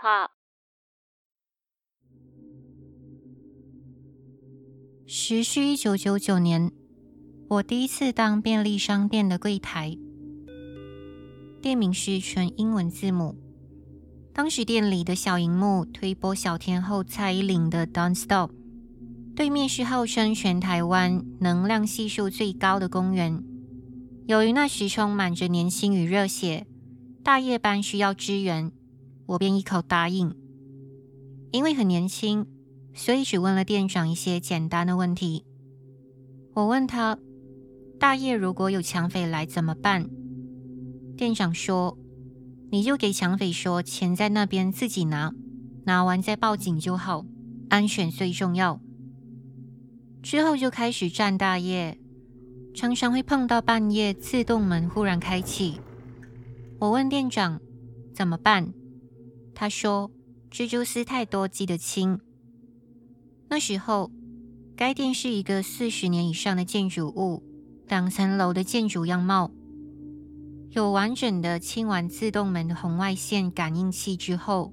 好，時序一九九九年，我第一次當便利商店的櫃檯，店名是全英文字母。當時店裡的小熒幕推播小天后蔡依林的《Don't Stop》，對面是號稱全台灣能量係數最高的公園。由於那時充滿着年輕與熱血，大夜班需要支援。我便一口答應，因為很年輕，所以只問了店長一些簡單的問題。我問他：“大夜如果有搶匪來怎麼辦？”店長說：“你就給搶匪說錢在那邊，自己拿，拿完再報警就好，安全最重要。”之後就開始站大夜，常常會碰到半夜自動門忽然開啟。我問店長：“怎麼辦？”他說：“蜘蛛絲太多，記得清。那時候，該店是一個四十年以上的建築物，兩層樓的建築樣貌。有完整的清完自動門的紅外線感應器之後，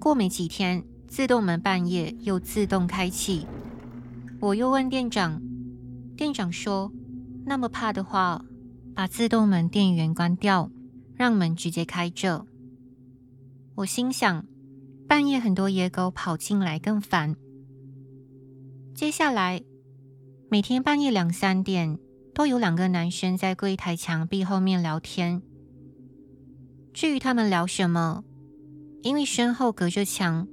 過沒幾天，自動門半夜又自動開啟。我又問店長，店長說：‘那麼怕的話，把自動門電源關掉，讓門直接開着。’”我心想，半夜很多野狗跑進來更煩。接下來，每天半夜兩三點都有兩個男生在櫃台牆壁後面聊天。至於他們聊什麼，因為身後隔着牆，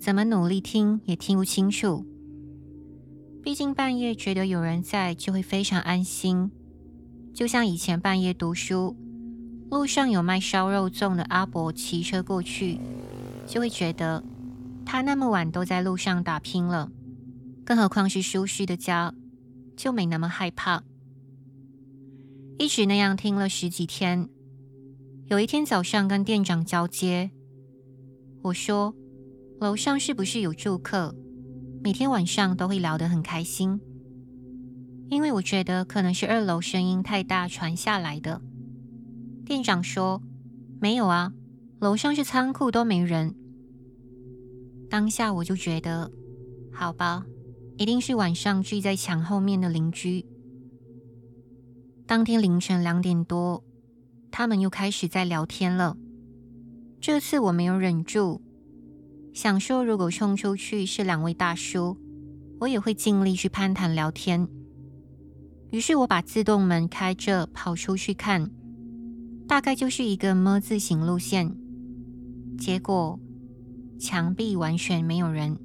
怎麼努力聽也聽不清楚。畢竟半夜覺得有人在，就會非常安心，就像以前半夜讀書。路上有賣燒肉粽的阿伯騎車過去，就會覺得他那麼晚都在路上打拼了，更何況是舒適的家，就沒那麼害怕。一直那樣聽了十幾天，有一天早上跟店長交接，我說樓上是不是有住客？每天晚上都會聊得很開心，因為我覺得可能是二樓聲音太大傳下來的。店長說：“沒有啊，樓上是倉庫，都沒人。”當下我就覺得，好吧，一定是晚上聚在牆後面的鄰居。當天凌晨兩點多，他們又開始在聊天了。這次我沒有忍住，想說如果衝出去是兩位大叔，我也會盡力去攀談聊天。於是我把自動門開着跑出去看。大概就是一個 ㄇ 字形路線，結果牆壁完全沒有人。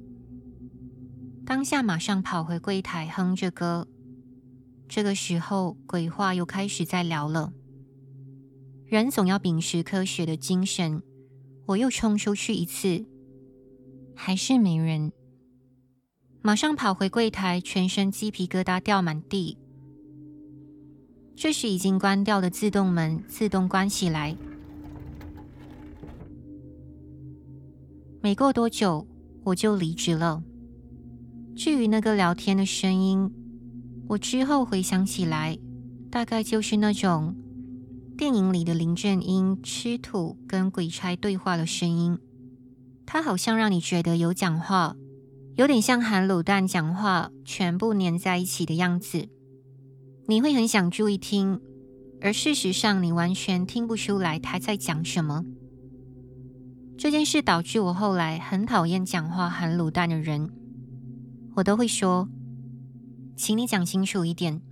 當下馬上跑回櫃檯，哼着歌。這個時候鬼話又開始在聊了。人總要秉持科學的精神，我又衝出去一次，還是沒人。馬上跑回櫃檯，全身雞皮疙瘩掉滿地。這時，已經關掉的自動門自動關起來。沒過多久，我就離職了。至於那個聊天的聲音，我之後回想起來，大概就是那種電影裡的林正英吃土跟鬼差對話的聲音。它好像讓你覺得有講話，有點像含滷蛋講話全部粘在一起的樣子。你會很想注意聽，而事實上你完全聽不出來他在講什麼。這件事導致我後來很討厭講話含滷蛋的人，我都會說，請你講清楚一點。